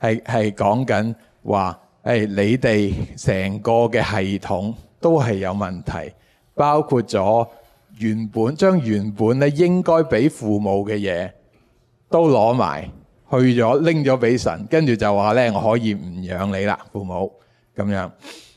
係係講緊話，係你哋成個嘅系統都係有問題，包括咗原本將原本咧應該俾父母嘅嘢，都攞埋去咗，拎咗俾神，跟住就話咧，我可以唔養你啦，父母咁樣。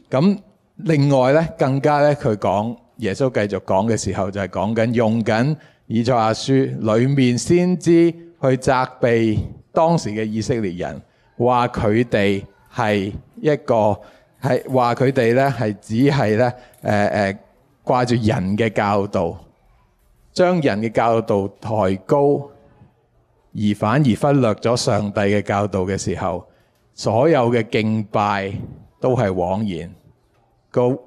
咁另外咧，更加咧，佢講耶穌繼續講嘅時候，就係講緊用緊以賽亞書裏面先知去責備當時嘅以色列人。話佢哋係一個係話佢哋咧係只係咧誒誒掛住人嘅教導，將人嘅教導抬高，而反而忽略咗上帝嘅教導嘅時候，所有嘅敬拜都係枉然。個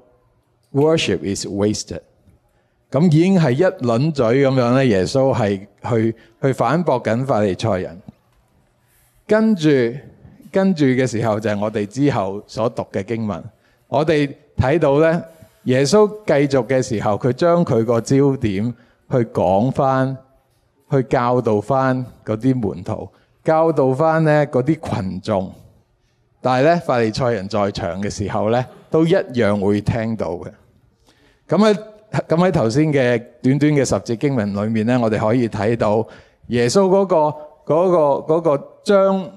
worship is wasted。咁已經係一輪嘴咁樣咧，耶穌係去去反駁緊法利賽人，跟住。跟住嘅時候就係我哋之後所讀嘅經文。我哋睇到咧，耶穌繼續嘅時候，佢將佢個焦點去講返，去教導返嗰啲門徒，教導返咧嗰啲羣眾。但係咧，法利賽人在場嘅時候咧，都一樣會聽到嘅。咁喺咁喺頭先嘅短短嘅十節經文裏面咧，我哋可以睇到耶穌嗰個嗰個嗰個將。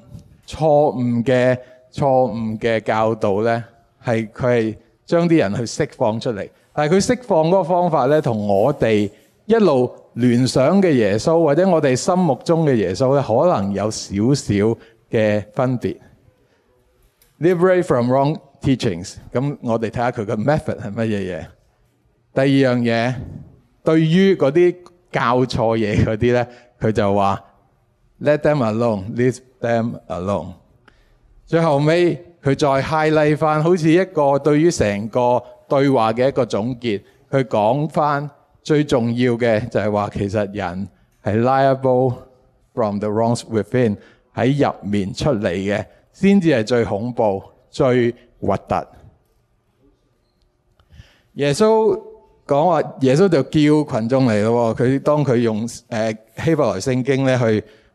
錯誤嘅錯誤嘅教導呢，係佢係將啲人去釋放出嚟。但係佢釋放嗰個方法呢，同我哋一路聯想嘅耶穌或者我哋心目中嘅耶穌呢，可能有少少嘅分別。Liberate from wrong teachings。咁我哋睇下佢嘅 method 係乜嘢嘢。第二樣嘢，對於嗰啲教錯嘢嗰啲呢，佢就話 Let them alone. them alone。最後尾佢再 highlight 翻，好似一個對於成個對話嘅一個總結，去講翻最重要嘅就係話，其實人係 liable from the wrongs within 喺入面出嚟嘅，先至係最恐怖、最核突。耶穌講話，耶穌就叫羣眾嚟咯。佢當佢用誒希伯來聖經咧去。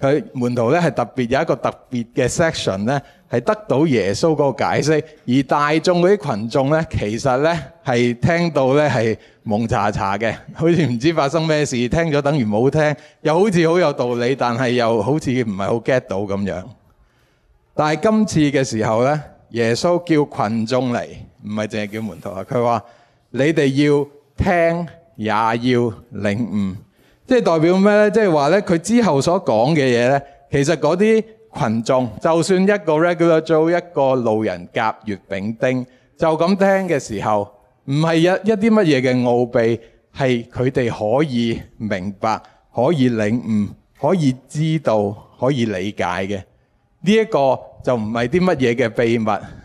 佢門徒咧係特別有一個特別嘅 section 咧，係得到耶穌個解釋，而大眾嗰啲群眾咧，其實咧係聽到咧係矇查查嘅，好似唔知發生咩事，聽咗等於冇聽，又好似好有道理，但係又好似唔係好 get 到咁樣。但係今次嘅時候咧，耶穌叫群眾嚟，唔係淨係叫門徒啊。佢話：你哋要聽，也要領悟。即係代表咩咧？即係話咧，佢之後所講嘅嘢咧，其實嗰啲群眾，就算一個 regular 做一個路人甲、乙、丙、丁，就咁聽嘅時候，唔係一一啲乜嘢嘅奧秘，係佢哋可以明白、可以領悟、可以知道、可以理解嘅。呢一個就唔係啲乜嘢嘅秘密，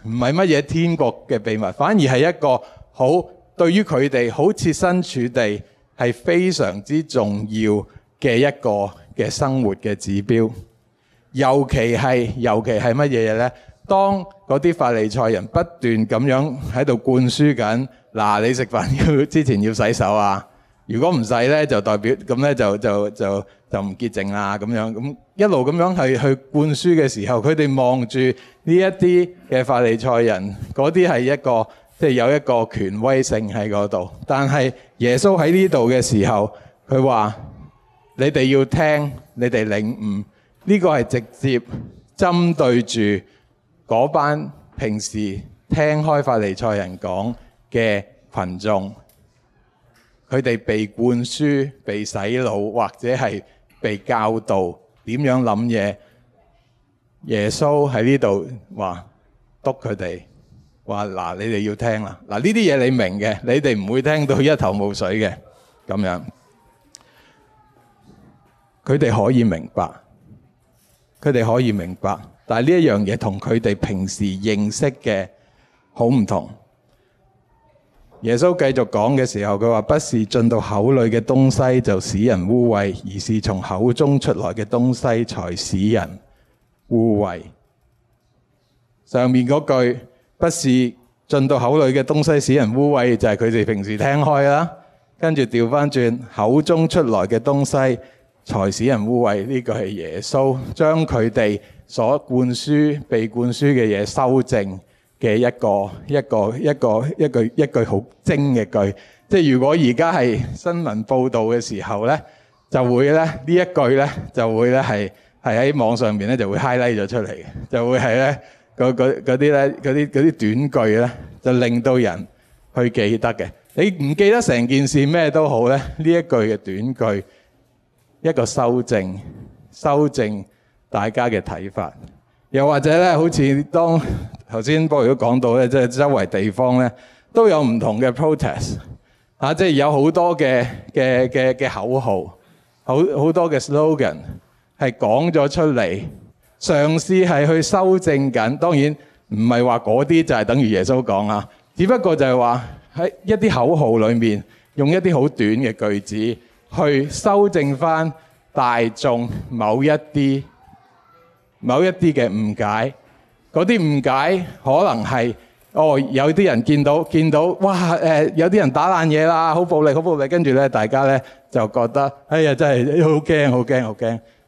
唔係乜嘢天國嘅秘密，反而係一個好對於佢哋好設身處地。係非常之重要嘅一個嘅生活嘅指標，尤其係尤其係乜嘢嘢呢？當嗰啲法利賽人不斷咁樣喺度灌輸緊，嗱、啊、你食飯要之前要洗手啊，如果唔洗呢，就代表咁呢，就就就就唔潔淨啦咁樣，咁一路咁樣去去灌輸嘅時候，佢哋望住呢一啲嘅法利賽人，嗰啲係一個。即係有一個權威性喺嗰度，但係耶穌喺呢度嘅時候，佢話：你哋要聽，你哋領悟。呢個係直接針對住嗰班平時聽開法利賽人講嘅群眾，佢哋被灌輸、被洗腦或者係被教導點樣諗嘢。耶穌喺呢度話督佢哋。話嗱，你哋要聽啦。嗱，呢啲嘢你明嘅，你哋唔會聽到一頭霧水嘅咁樣。佢哋可以明白，佢哋可以明白，但係呢一樣嘢同佢哋平時認識嘅好唔同。耶穌繼續講嘅時候，佢話：不是進到口裡嘅東西就使人污穢，而是從口中出來嘅東西才使人污穢。上面嗰句。不是進到口裏嘅東西使人污穢，就係佢哋平時聽開啦。跟住調翻轉，口中出來嘅東西才使人污穢。呢、這個係耶穌將佢哋所灌輸、被灌輸嘅嘢修正嘅一個、一個、一個、一句、一句好精嘅句。即係如果而家係新聞報導嘅時候咧，就會咧呢一句咧就會咧係係喺網上面咧就會 highlight 咗出嚟嘅，就會係咧。嗰啲咧，嗰啲嗰啲短句咧，就令到人去記得嘅。你唔記得成件事咩都好咧，呢一句嘅短句，一個修正，修正大家嘅睇法。又或者咧，好似當頭先波都講到咧，即係周圍地方咧都有唔同嘅 protest，嚇，即係有好多嘅嘅嘅嘅口號，好好多嘅 slogan 係講咗出嚟。嘗試係去修正緊，當然唔係話嗰啲就係等於耶穌講啊，只不過就係話喺一啲口號裏面，用一啲好短嘅句子去修正返大眾某一啲某一啲嘅誤解。嗰啲誤解可能係哦，有啲人見到見到，哇、呃、有啲人打爛嘢啦，好暴力，好暴力，跟住咧大家咧就覺得哎呀真係好驚，好驚，好驚。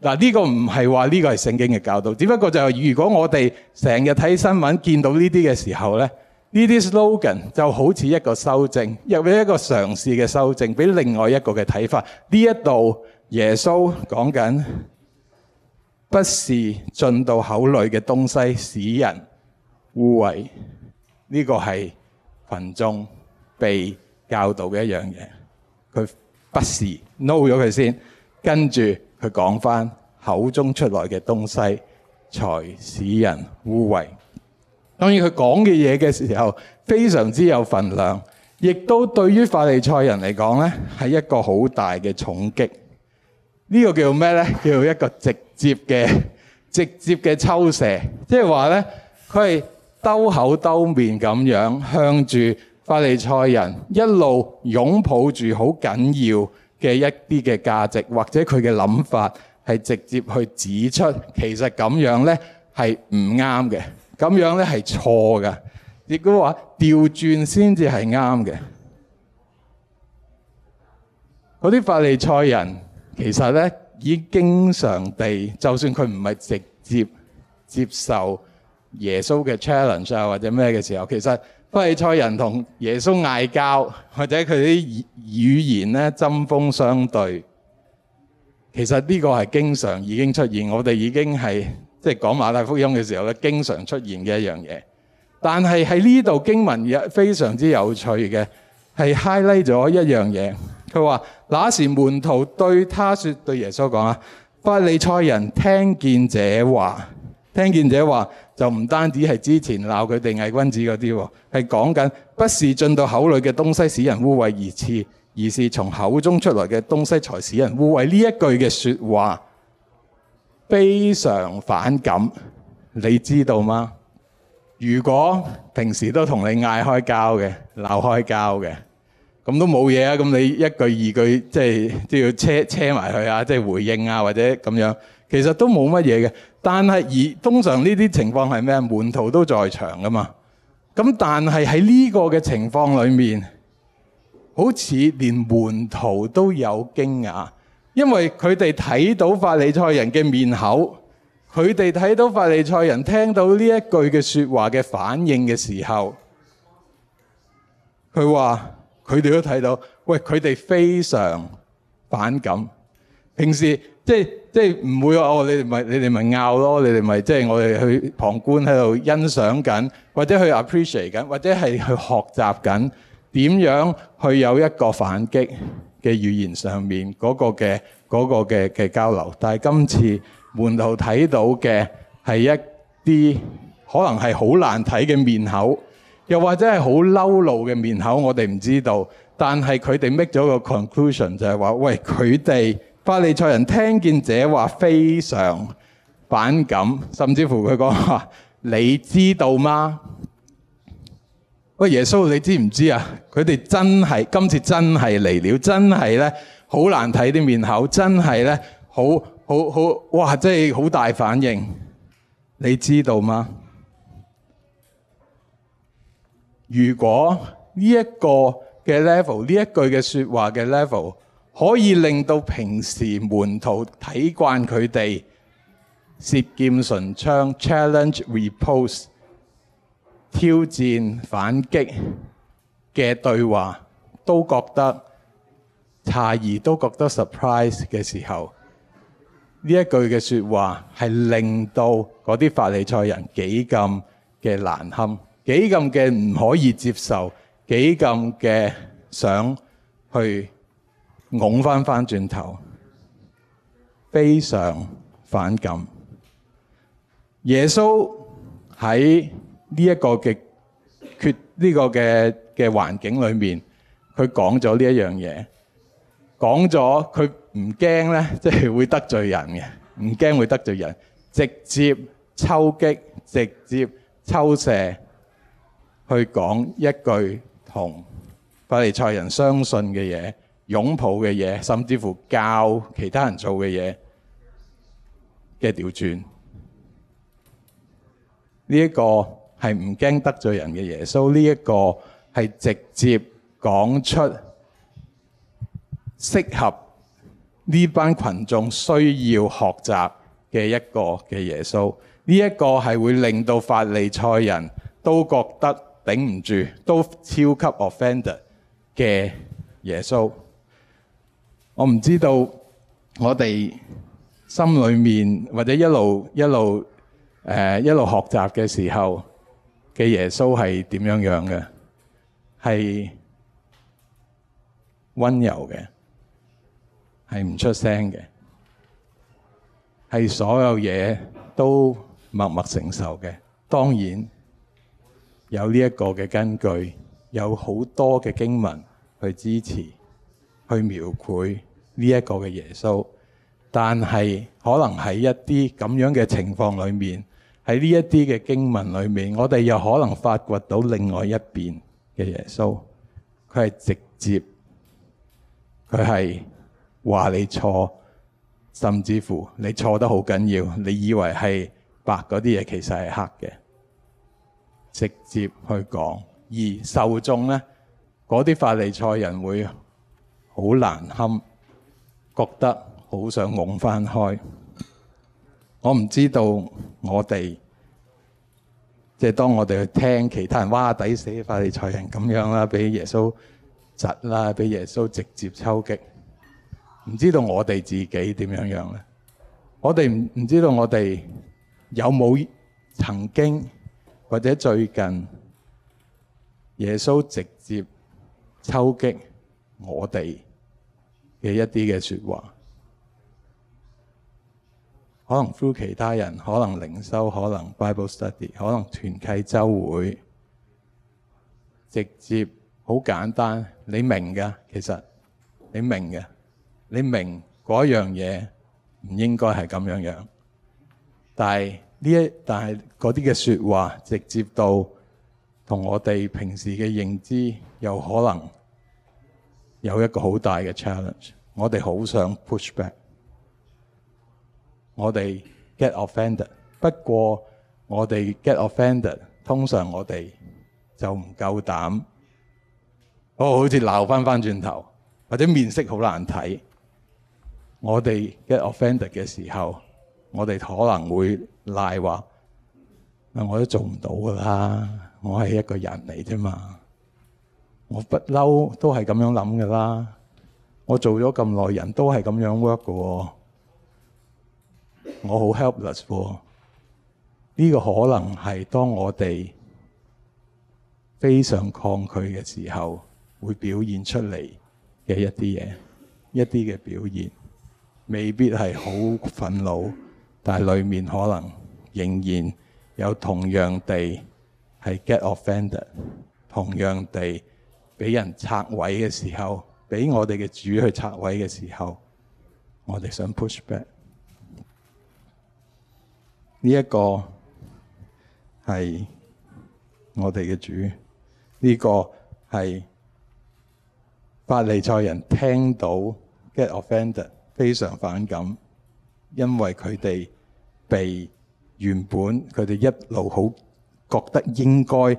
嗱、這、呢個唔係話呢個係聖經嘅教導，只不過就係如果我哋成日睇新聞見到呢啲嘅時候咧，呢啲 slogan 就好似一個修正，又俾一個嘗試嘅修正，俾另外一個嘅睇法。呢一度耶穌講緊，不是進到口裏嘅東西使人污穢，呢、這個係群眾被教導嘅一樣嘢。佢不是 know 咗佢先，跟住。佢講返口中出來嘅東西，才使人污穢。當然佢講嘅嘢嘅時候非常之有分量，亦都對於法利賽人嚟講呢係一個好大嘅重擊。呢個叫咩呢？叫一個直接嘅、直接嘅抽射，即係話呢，佢係兜口兜面咁樣向住法利賽人一路擁抱住，好緊要。嘅一啲嘅價值，或者佢嘅諗法，係直接去指出，其實咁樣咧係唔啱嘅，咁樣咧係錯嘅，亦都話調轉先至係啱嘅。嗰啲法利賽人其實咧已經經常地，就算佢唔係直接接受耶穌嘅 challenge 啊或者咩嘅時候，其實。法利賽人同耶穌嗌交，或者佢啲語言咧針鋒相對，其實呢個係經常已經出現，我哋已經係即係講馬太福音嘅時候咧，經常出現嘅一樣嘢。但係喺呢度經文非常之有趣嘅，係 highlight 咗一樣嘢。佢話：那時門徒對他說，對耶穌講啊，法利賽人聽見這話。聽見者話就唔單止係之前鬧佢哋偽君子嗰啲，係講緊不是進到口裏嘅東西使人污穢而刺，而是從口中出來嘅東西才使人污穢。呢一句嘅説話非常反感，你知道嗎？如果平時都同你嗌開交嘅、鬧開交嘅，咁都冇嘢啊。咁你一句二句即係都要車車埋佢啊，即係回應啊，或者咁樣。其實都冇乜嘢嘅，但係而通常呢啲情況係咩？門徒都在場㗎嘛。咁但係喺呢個嘅情況裏面，好似連門徒都有驚訝，因為佢哋睇到法利賽人嘅面口，佢哋睇到法利賽人聽到呢一句嘅說話嘅反應嘅時候，佢話佢哋都睇到，喂，佢哋非常反感，平時。即係即係唔會哦！你哋咪你哋咪拗咯，你哋咪即係我哋去旁觀喺度欣賞緊，或者去 appreciate 緊，或者係去學習緊點樣去有一個反擊嘅語言上面嗰個嘅嗰個嘅嘅交流。但係今次門徒睇到嘅係一啲可能係好難睇嘅面口，又或者係好嬲怒嘅面口，我哋唔知道。但係佢哋 make 咗個 conclusion 就係話：喂，佢哋。法利賽人聽見這話，非常反感，甚至乎佢講：你知道嗎？喂，耶穌，你知唔知啊？佢哋真係今次真係嚟了，真係咧好難睇啲面口，真係咧好好好，哇！真係好大反應，你知道嗎？如果呢一個嘅 level，呢一句嘅説話嘅 level。可以令到平時門徒睇慣佢哋涉劍唇槍 challenge repose 挑戰反擊嘅對話，都覺得詫異都覺得 surprise 嘅時候，呢一句嘅說話係令到嗰啲法利賽人幾咁嘅難堪，幾咁嘅唔可以接受，幾咁嘅想去。拱翻翻轉頭，非常反感。耶穌喺呢一個嘅缺呢個嘅嘅環境裏面，佢講咗呢一樣嘢，講咗佢唔驚咧，即係會得罪人嘅，唔驚會得罪人，直接抽擊，直接抽射，去講一句同法利賽人相信嘅嘢。擁抱嘅嘢，甚至乎教其他人做嘅嘢嘅調轉，呢一個係唔驚得罪人嘅耶穌，呢一個係直接講出適合呢班群眾需要學習嘅一個嘅耶穌，呢一個係會令到法利賽人都覺得頂唔住，都超級 offended 嘅耶穌。我唔知道我哋心裏面或者一路一路誒一路學習嘅時候嘅耶穌係點樣樣嘅？係温柔嘅，係唔出聲嘅，係所有嘢都默默承受嘅。當然，有呢一個嘅根據，有好多嘅經文去支持，去描繪。呢一個嘅耶穌，但係可能喺一啲咁樣嘅情況裏面，喺呢一啲嘅經文裏面，我哋又可能發掘到另外一邊嘅耶穌。佢係直接，佢係話你錯，甚至乎你錯得好緊要。你以為係白嗰啲嘢，其實係黑嘅，直接去講。而受眾呢，嗰啲法利賽人會好難堪。覺得好想掹翻開。我唔知道我哋即係當我哋去聽其他人，哇，抵死法利賽人咁樣啦，俾耶穌窒啦，俾耶穌直接抽擊，唔知道我哋自己點樣樣咧？我哋唔唔知道我哋有冇曾經或者最近耶穌直接抽擊我哋？嘅一啲嘅說話，可能 through 其他人，可能靈修，可能 Bible study，可能團契周會，直接好簡單，你明嘅，其實你明嘅，你明嗰樣嘢唔應該係咁樣樣，但係呢一但係嗰啲嘅說話直接到同我哋平時嘅認知有可能。有一個好大嘅 challenge，我哋好想 push back，我哋 get offended。不過我哋 get offended，通常我哋就唔夠膽，哦，好似鬧翻翻轉頭，或者面色好難睇。我哋 get offended 嘅時候，我哋可能會賴話：啊，我都做唔到㗎啦，我係一個人嚟啫嘛。我不嬲，都係咁樣諗噶啦。我做咗咁耐，人都係咁樣 work 噶。我好 helpless。呢個可能係當我哋非常抗拒嘅時候會表現出嚟嘅一啲嘢，一啲嘅表現未必係好憤怒，但係裡面可能仍然有同樣地係 get offended，同樣地。俾人拆位嘅時候，俾我哋嘅主去拆位嘅時候，我哋想 push back。呢、這、一個係我哋嘅主，呢、這個係法利賽人聽到 get offended，非常反感，因為佢哋被原本佢哋一路好覺得應該。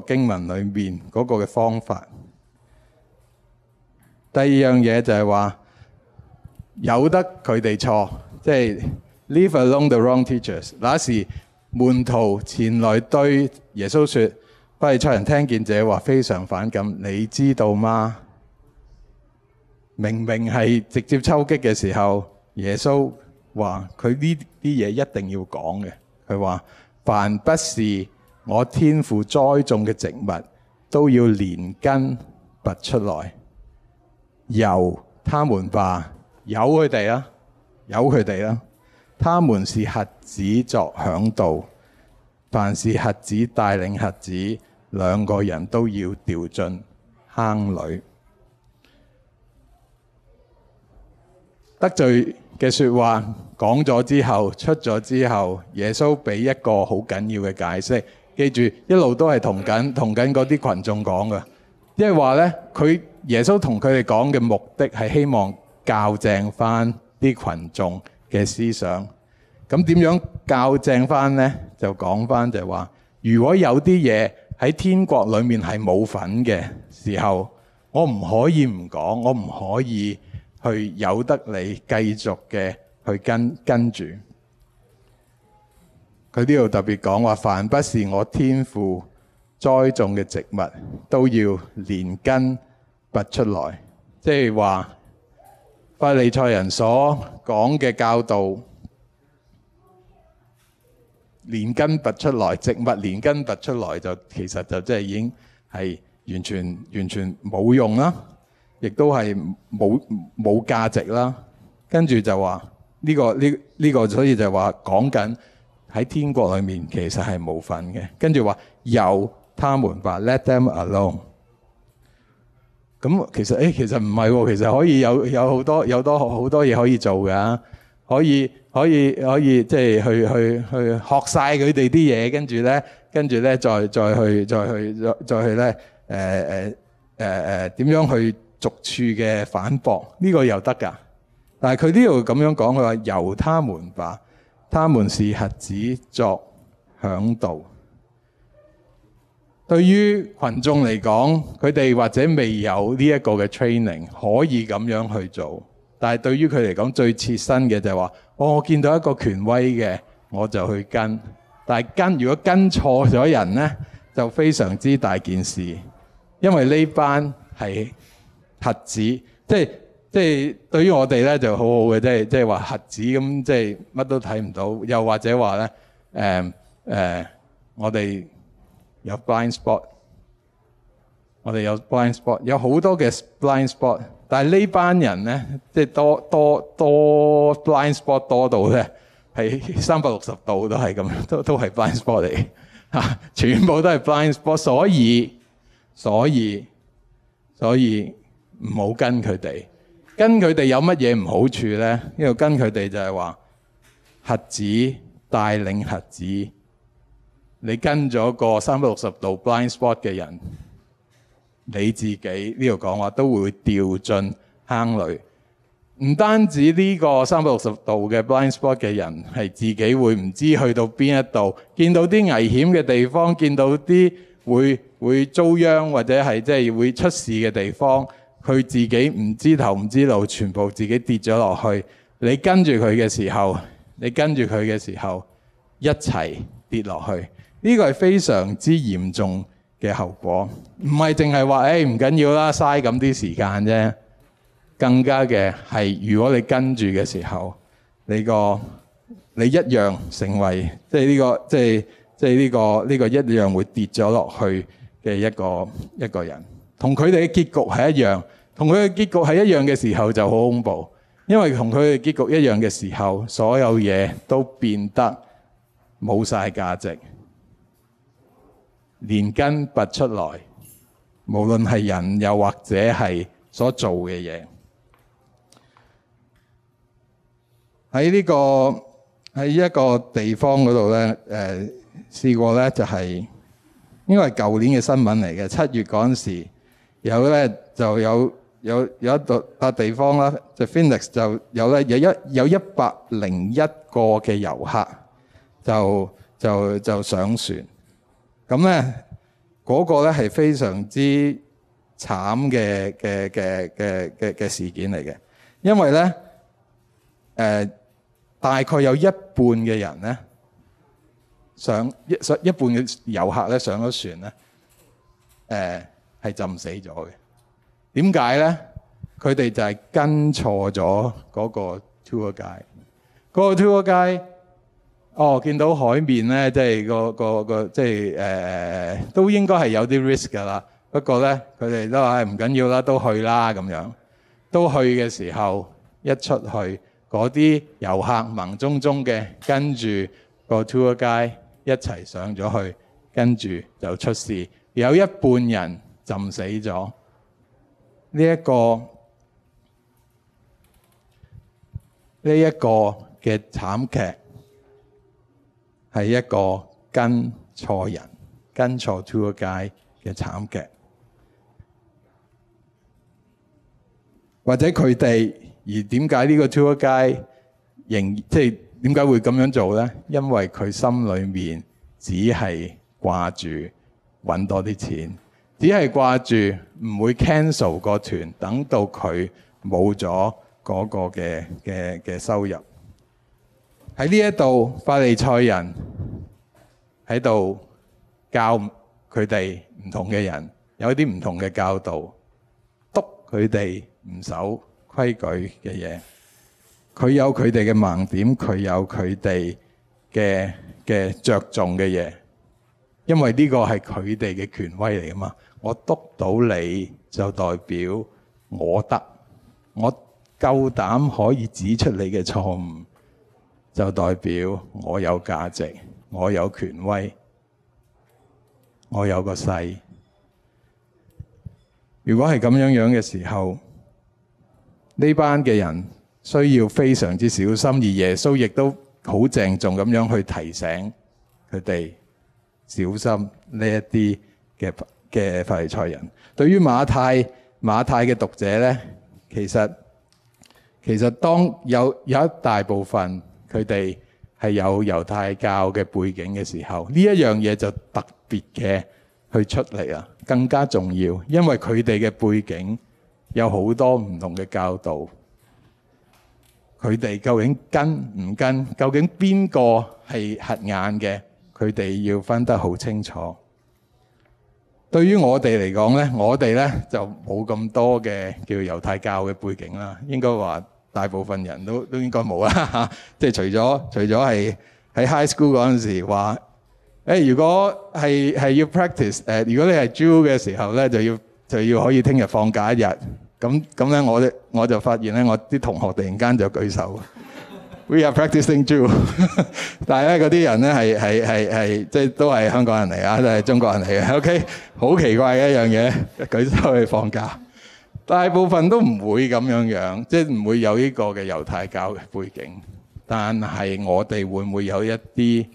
個經文裏面嗰個嘅方法。第二樣嘢就係話由得佢哋錯，即係 leave alone the wrong teachers。那時門徒前來對耶穌說：法利賽人聽見這話非常反感，你知道嗎？明明係直接抽擊嘅時候，耶穌話佢呢啲嘢一定要講嘅。佢話凡不是我天父栽種嘅植物都要連根拔出來，由他們吧，由佢哋啊，由佢哋啦。他們是瞎子作向導，凡是瞎子帶領瞎子，兩個人都要掉進坑裏。得罪嘅說話講咗之後，出咗之後，耶穌俾一個好緊要嘅解釋。記住，一路都係同緊同緊嗰啲群眾講㗎，即係話咧，佢耶穌同佢哋講嘅目的係希望教正翻啲群眾嘅思想。咁點樣教正翻咧？就講翻就係話，如果有啲嘢喺天國裏面係冇份嘅時候，我唔可以唔講，我唔可以去由得你繼續嘅去跟跟住。佢呢度特別講話，凡不是我天父栽種嘅植物，都要連根拔出來。即係話，法利賽人所講嘅教導，連根拔出來，植物連根拔出來就，就其實就即係已經係完全完全冇用啦，亦都係冇冇價值啦。跟住就話呢個呢呢個，所以就話講緊。講喺天國裏面其實係冇份嘅，跟住話由他們吧，Let them alone。咁、嗯、其實誒其實唔係喎，其實可以有有好多有多好多嘢可以做㗎。可以可以可以即係、就是、去去去，去學晒佢哋啲嘢，跟住咧，跟住咧再再去再去再，再去咧誒誒誒誒點樣去逐處嘅反駁呢、呢個又得㗎，但係佢呢度咁樣講，佢話由他們吧。佢哋係核子作嚮導，對於群眾嚟講，佢哋或者未有呢一個嘅 training 可以咁樣去做，但係對於佢嚟講最切身嘅就係話：哦，我見到一個權威嘅，我就去跟。但係跟如果跟錯咗人呢，就非常之大件事，因為呢班係核子，即係。即係對於我哋咧就好好嘅，即係即係話核子咁，即係乜都睇唔到。又或者話咧，誒、呃、誒、呃，我哋有 blind spot，我哋有 blind spot，有好多嘅 blind spot。但係呢班人咧，即係多多多 blind spot 多到咧，係三百六十度都係咁，都都係 blind spot 嚟嚇、啊，全部都係 blind spot。所以所以所以唔好跟佢哋。跟佢哋有乜嘢唔好處咧？呢度跟佢哋就係話，瞎子帶領瞎子，你跟咗個三百六十度 blind spot 嘅人，你自己呢度講話都會掉進坑裏，唔單止呢個三百六十度嘅 blind spot 嘅人係自己會唔知去到邊一度，見到啲危險嘅地方，見到啲會會遭殃或者係即係會出事嘅地方。佢自己唔知頭唔知路，全部自己跌咗落去。你跟住佢嘅時候，你跟住佢嘅時候，一齊跌落去。呢個係非常之嚴重嘅後果，唔係淨係話，誒，唔緊要啦，嘥咁啲時間啫。更加嘅係，如果你跟住嘅時候，你個你一樣成為即係呢個即係即係呢個呢個一樣會跌咗落去嘅一個一個人。同佢哋嘅結局係一樣，同佢嘅結局係一樣嘅時候就好恐怖，因為同佢嘅結局一樣嘅時候，所有嘢都變得冇晒價值，連根拔出來。無論係人又或者係所做嘅嘢，喺呢個喺一個地方嗰度咧，誒試過咧就係應該係舊年嘅新聞嚟嘅，七月嗰陣時，有咧就有有有一度笪地方啦，就 Phoenix 就有咧有一有一百零一個嘅遊客就就就上船，咁咧嗰個咧係非常之慘嘅嘅嘅嘅嘅嘅事件嚟嘅，因為咧誒、呃、大概有一半嘅人咧上一一半嘅遊客咧上咗船咧誒。呃係浸死咗嘅。點解呢？佢哋就係跟錯咗嗰個 tour guide。嗰個 tour guide，哦，見到海面呢，即係個個個即係誒、呃，都應該係有啲 risk 㗎啦。不過呢，佢哋都話唔緊要啦，都去啦咁樣。都去嘅時候，一出去嗰啲遊客盲中中嘅跟住個 tour guide 一齊上咗去，跟住就出事，有一半人。浸死咗。呢一個呢一個嘅慘劇係一個跟錯人、跟錯 tour guide 嘅慘劇，或者佢哋而，點解呢個 tour guide 仍，即係點解會咁樣做咧？因為佢心裏面只係掛住揾多啲錢。只係掛住唔會 cancel 個團，等到佢冇咗嗰個嘅嘅嘅收入。喺呢一度，法利賽人喺度教佢哋唔同嘅人，有啲唔同嘅教導，督佢哋唔守規矩嘅嘢。佢有佢哋嘅盲點，佢有佢哋嘅嘅着重嘅嘢，因為呢個係佢哋嘅權威嚟噶嘛。我督到你就代表我得，我夠膽可以指出你嘅錯誤，就代表我有價值，我有權威，我有個勢。如果係咁樣樣嘅時候，呢班嘅人需要非常之小心，而耶穌亦都好鄭重咁樣去提醒佢哋小心呢一啲嘅嘅法利賽人，對於馬太馬太嘅讀者呢，其實其實當有有一大部分佢哋係有猶太教嘅背景嘅時候，呢一樣嘢就特別嘅去出嚟啊，更加重要，因為佢哋嘅背景有好多唔同嘅教導，佢哋究竟跟唔跟，究竟邊個係瞎眼嘅，佢哋要分得好清楚。對於我哋嚟講呢，我哋呢就冇咁多嘅叫猶太教嘅背景啦。應該話大部分人都都應該冇啦，即係除咗除咗係喺 high school 嗰陣時話，誒如果係係要 practice，誒，如果你係 Jew 嘅時候呢，就要就要可以聽日放假一日。咁咁呢，我我就發現呢，我啲同學突然間就舉手。We are practicing Jew，但係咧嗰啲人咧係係係係即係都係香港人嚟啊，都係中國人嚟嘅。OK，好奇怪嘅一樣嘢，舉手去放假。大部分都唔會咁樣樣，即係唔會有呢個嘅猶太教嘅背景。但係我哋會唔會有一啲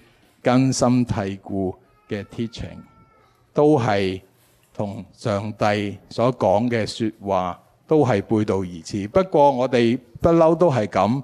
根深蒂固嘅 teaching，都係同上帝所講嘅説話都係背道而馳。不過我哋不嬲都係咁。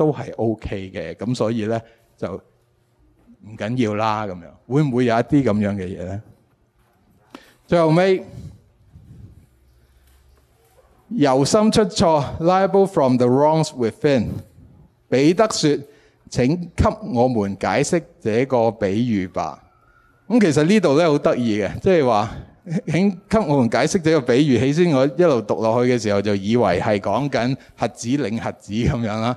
都係 O K 嘅，咁所以呢，就唔緊要啦。咁樣會唔會有一啲咁樣嘅嘢呢？最後尾由心出錯，liable from the wrongs within。彼得說：「請給我們解釋這個比喻吧。」咁、嗯、其實呢度呢，好得意嘅，即係話請給我們解釋這個比喻。起先我一路讀落去嘅時候，就以為係講緊核子領核子咁樣啦。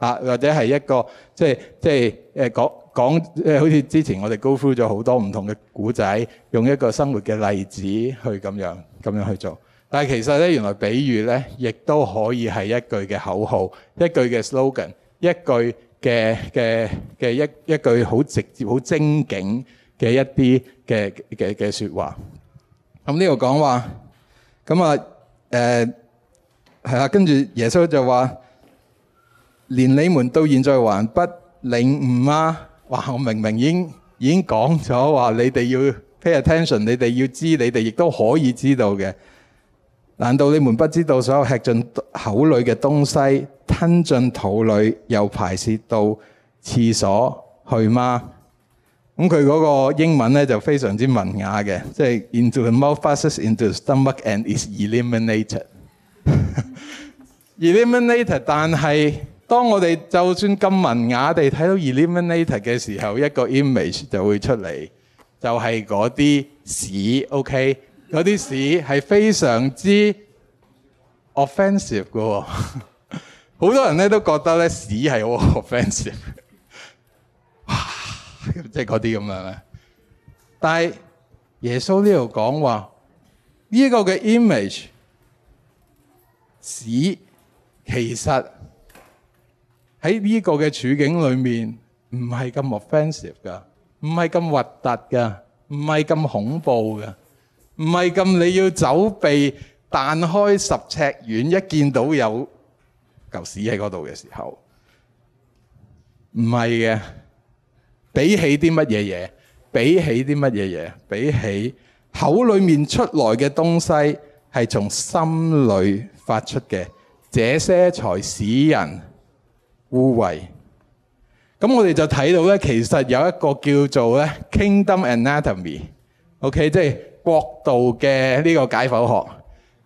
啊，或者係一個即係即係誒講講、呃、好似之前我哋 go through 咗好多唔同嘅故仔，用一個生活嘅例子去咁樣咁樣去做。但係其實咧，原來比喻咧，亦都可以係一句嘅口號，一句嘅 slogan，一句嘅嘅嘅一一句好直接、好精警嘅一啲嘅嘅嘅說話。咁呢度講話，咁啊誒係啊，跟住耶穌就話。連你們到現在還不領悟嗎？話我明明已經已經講咗話，你哋要 pay attention，你哋要知，你哋亦都可以知道嘅。難道你們不知道所有吃進口裏嘅東西吞進肚裏又排泄到廁所去嗎？咁佢嗰個英文咧就非常之文雅嘅，即係 into the mouth passes into the stomach and is eliminated. eliminated，但係當我哋就算咁文雅地睇到 eliminated 嘅時候，一個 image 就會出嚟，就係嗰啲屎。OK，嗰啲屎係非常之 offensive 㗎喎、哦。好 多人咧都覺得咧屎係好 offensive，即係嗰啲咁樣咧。但係耶穌呢度講話呢、呢個嘅 image 屎其實。喺呢個嘅處境裏面，唔係咁 offensive 㗎，唔係咁核突㗎，唔係咁恐怖㗎，唔係咁你要走避彈開十尺遠，一見到有嚿屎喺嗰度嘅時候，唔係嘅。比起啲乜嘢嘢，比起啲乜嘢嘢，比起口裏面出來嘅東西，係從心裏發出嘅，這些才使人。互為咁，我哋就睇到咧，其實有一個叫做咧 Kingdom Anatomy，OK，即係國度嘅呢個解剖學。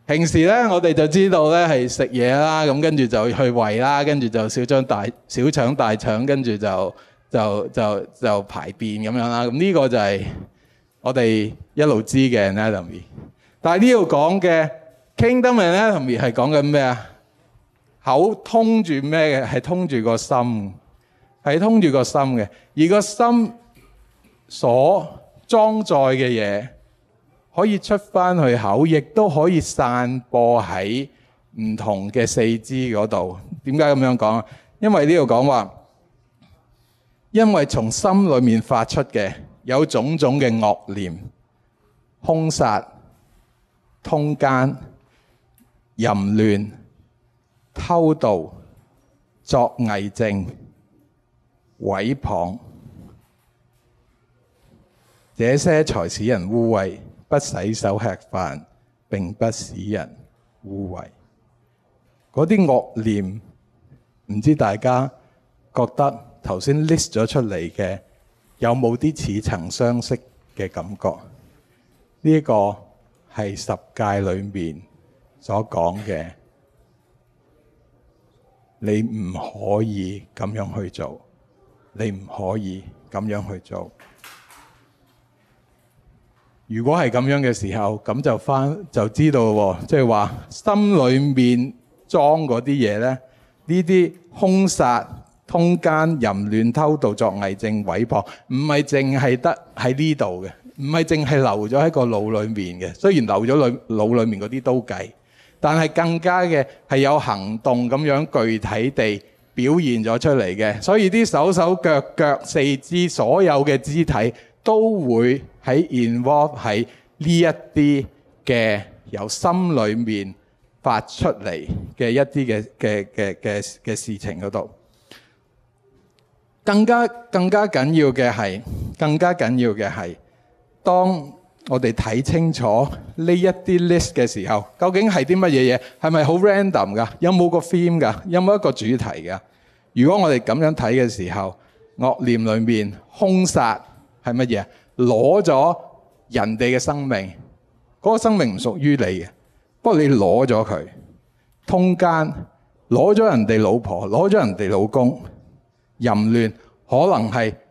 平時咧，我哋就知道咧係食嘢啦，咁跟住就去胃啦，跟住就小腸大小腸大腸，跟住就就就就排便咁樣啦。咁呢個就係我哋一路知嘅 Anatomy。但係呢度講嘅 Kingdom Anatomy 係講緊咩啊？口通住咩嘅？係通住個心，係通住個心嘅。而個心所裝載嘅嘢，可以出翻去口，亦都可以散播喺唔同嘅四肢嗰度。點解咁樣講？因為呢度講話，因為從心裏面發出嘅有種種嘅惡念，兇殺、通姦、淫亂。偷盜、作偽證、詆譭，這些才使人污穢；不洗手吃飯並不使人污穢。嗰啲惡念，唔知大家覺得頭先 list 咗出嚟嘅有冇啲似曾相識嘅感覺？呢、這個係十戒裏面所講嘅。你唔可以咁樣去做，你唔可以咁樣去做。如果係咁樣嘅時候，咁就翻就知道喎，即係話心裏面裝嗰啲嘢呢，呢啲兇殺、通奸、淫亂、偷盜、作偽證、毀謗，唔係淨係得喺呢度嘅，唔係淨係留咗喺個腦裡面嘅。雖然留咗喺腦裡面嗰啲都計。但係更加嘅係有行動咁樣具體地表現咗出嚟嘅，所以啲手手腳腳四肢所有嘅肢體都會喺 involve 喺呢一啲嘅由心裏面發出嚟嘅一啲嘅嘅嘅嘅嘅事情嗰度。更加更加緊要嘅係，更加緊要嘅係，當。我哋睇清楚呢一啲 list 嘅時候，究竟係啲乜嘢嘢？係咪好 random 㗎？有冇個 theme 㗎？有冇一個主題㗎？如果我哋咁樣睇嘅時候，惡念裏面凶殺係乜嘢？攞咗人哋嘅生命，嗰個生命唔屬於你嘅，不過你攞咗佢。通姦攞咗人哋老婆，攞咗人哋老公，淫亂可能係。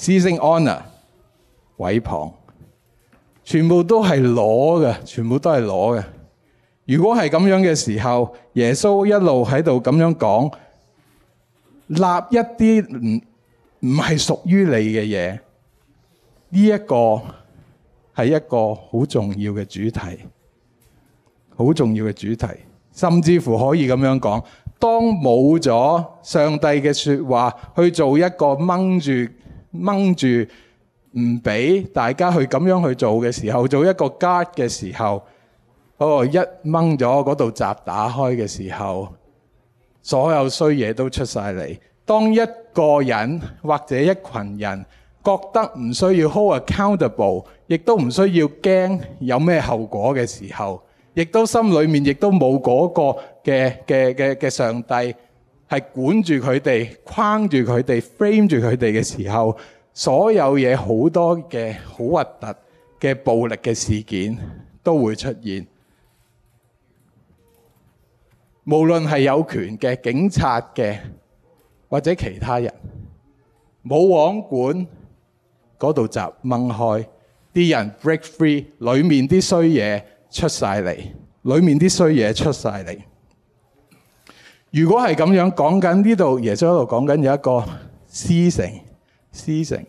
私生安娜、偉磅，全部都係攞嘅，全部都係攞嘅。如果係咁樣嘅時候，耶穌一路喺度咁樣講，立一啲唔唔係屬於你嘅嘢，呢、這個、一個係一個好重要嘅主題，好重要嘅主題，甚至乎可以咁樣講，當冇咗上帝嘅説話去做一個掹住。掹住唔俾大家去咁樣去做嘅時候，做一個 guard 嘅時候，哦，一掹咗嗰度閘打開嘅時候，所有衰嘢都出晒嚟。當一個人或者一群人覺得唔需要 hold accountable，亦都唔需要驚有咩後果嘅時候，亦都心裏面亦都冇嗰個嘅嘅嘅嘅上帝。係管住佢哋、框住佢哋、frame 住佢哋嘅時候，所有嘢好多嘅好核突嘅暴力嘅事件都會出現。無論係有權嘅警察嘅或者其他人，冇網管嗰度就掹開啲人 break free，裏面啲衰嘢出晒嚟，裏面啲衰嘢出晒嚟。如果係咁樣講緊呢度，耶穌喺度講緊有一個私情私情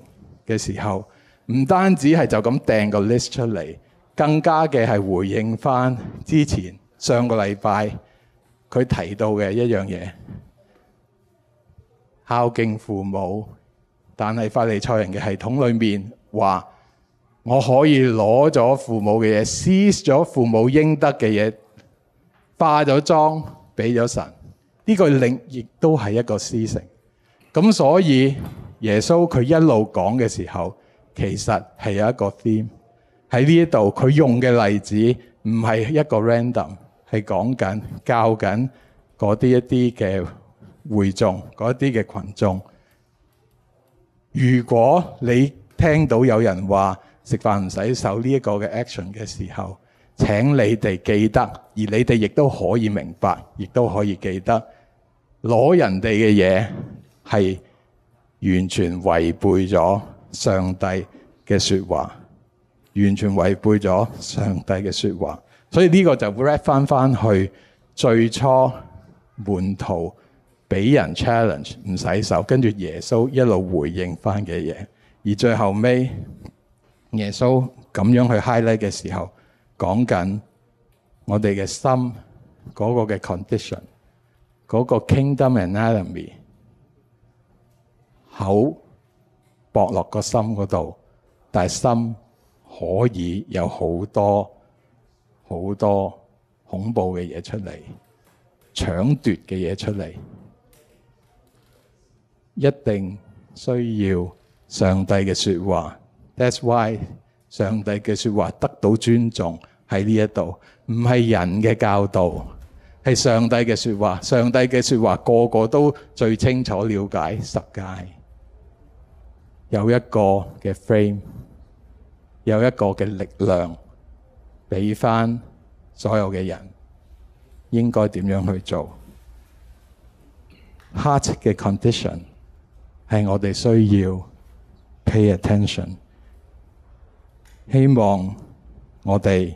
嘅時候，唔單止係就咁掟個 list 出嚟，更加嘅係回應翻之前上個禮拜佢提到嘅一樣嘢，孝敬父母。但係法利賽人嘅系統裏面話，我可以攞咗父母嘅嘢，私咗父母應得嘅嘢，化咗妝俾咗神。呢、這個領亦都係一個私情，咁所以耶穌佢一路講嘅時候，其實係有一個 theme 喺呢一度，佢用嘅例子唔係一個 random，係講緊教緊嗰啲一啲嘅會眾，嗰一啲嘅群眾。如果你聽到有人話食飯唔洗手呢一個嘅 action 嘅時候，請你哋記得，而你哋亦都可以明白，亦都可以記得攞人哋嘅嘢係完全違背咗上帝嘅説話，完全違背咗上帝嘅説話。所以呢個就 wrap 翻翻去最初門徒俾人 challenge 唔洗手，跟住耶穌一路回應翻嘅嘢，而最後尾耶穌咁樣去 highlight 嘅時候。講緊我哋嘅心嗰、那個嘅 condition，嗰個 kingdom anatomy 口薄落個心嗰度，但係心可以有好多好多恐怖嘅嘢出嚟，搶奪嘅嘢出嚟，一定需要上帝嘅說話。That's why 上帝嘅說話得到尊重。喺呢一度唔係人嘅教導，係上帝嘅說話。上帝嘅說話，個個都最清楚了解。十戒有一個嘅 frame，有一個嘅力量，俾翻所有嘅人應該點樣去做。heart 嘅 condition 係我哋需要 pay attention。希望我哋。